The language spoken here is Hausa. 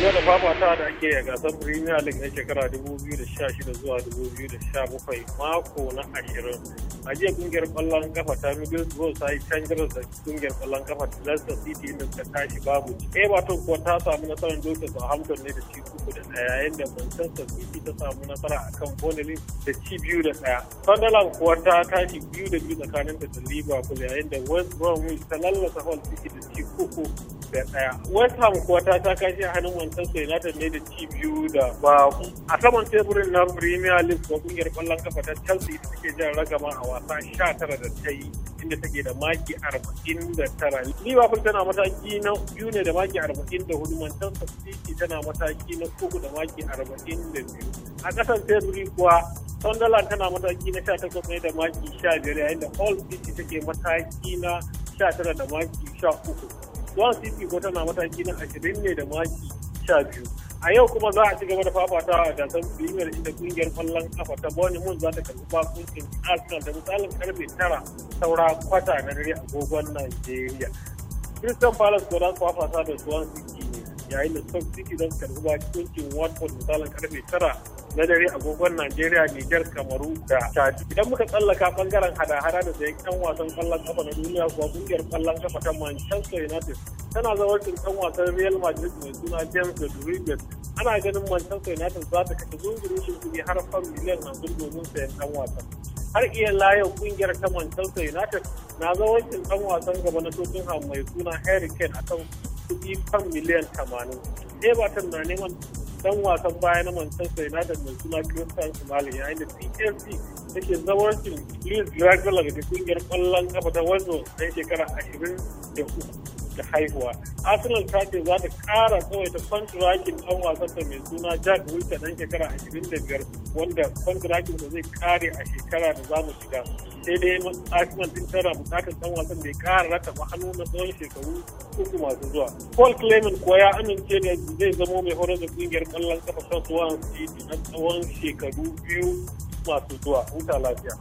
gaba da fafata da ake a gasar Premier League na shekara 2016 zuwa 2017 mako na 20. A jiya kungiyar kwallon kafa ta Middlesbrough ta yi canjar da kungiyar kwallon kafa ta Leicester City inda suka tashi babu. Everton kuwa ta samu nasarar da Southampton ne da ci uku da daya yayin da Manchester City ta samu nasara akan Bonnelly da ci biyu da daya Sunderland kuwa ta tashi biyu da biyu tsakanin da Liverpool yayin da West Bromwich ta lallasa hall City da ci uku da ɗaya. West kuwa ta ta kashi a hannun Manchester United ne da ci biyu da ba a saman teburin na Premier League ko kungiyar kwallon kafa ta Chelsea ita take jan ragama a wasa 19 da ta yi inda take da maki 49. Liverpool tana mataki na biyu ne da maki 44 Manchester City tana mataki na uku da maki 42. A kasan teburi kuwa Sunderland tana mataki na 18 ne da maki 15 yayin da Hull City take mataki na 19 da maki 13. Swan City ko tana mataki na ashirin ne da maki sha biyu. A yau kuma za a ci gaba da fafatawa a gasar Premier ita kungiyar kwallon kafa ta Bournemouth za ta karbi bakuncin Arsenal da misalin karfe tara saura kwata na dare agogon nigeria Crystal Palace ko za su fafata da Swan City ne yayin da Stoke City za su karbi bakuncin Watford misalin karfe tara na dare agogon Najeriya, Nijar, Kamaru da Chad. Idan muka tsallaka bangaren hada-hada da sayan yan wasan kwallon kafa na duniya kuwa kungiyar kwallon kafa ta Manchester United tana zawarcin dan wasan Real Madrid mai suna James Rodriguez. Ana ganin Manchester United za ta kashe zungirin shi har fan miliyan hamsin domin sayan dan wasan. Har iya layan kungiyar ta Manchester United na zawarcin dan wasan gaba na Tottenham mai suna Harry Kane kan kuɗi kan miliyan tamanin. Everton na neman dan wasan baya na Manchester United mai suna Christian Smalley yayin da PSV take zawarcin Luis Dragola daga kungiyar kwallon kafa ta Wolves dan shekara 23. da haihuwa arsenal ta ce za ta kara ta kwantirakin dan wasan ta mai suna jack wilson dan shekara biyar wanda kwantirakin da zai kare a shekara da za mu shiga sai dai arsenal din tara bukatar ɗan wasan da ya kara rataba hannu na tsawon shekaru uku masu zuwa paul clement kuwa ya amince da zai zamo mai horar da kungiyar ƙwallon ƙafa ta swansea na tsawon shekaru biyu masu zuwa huta lafiya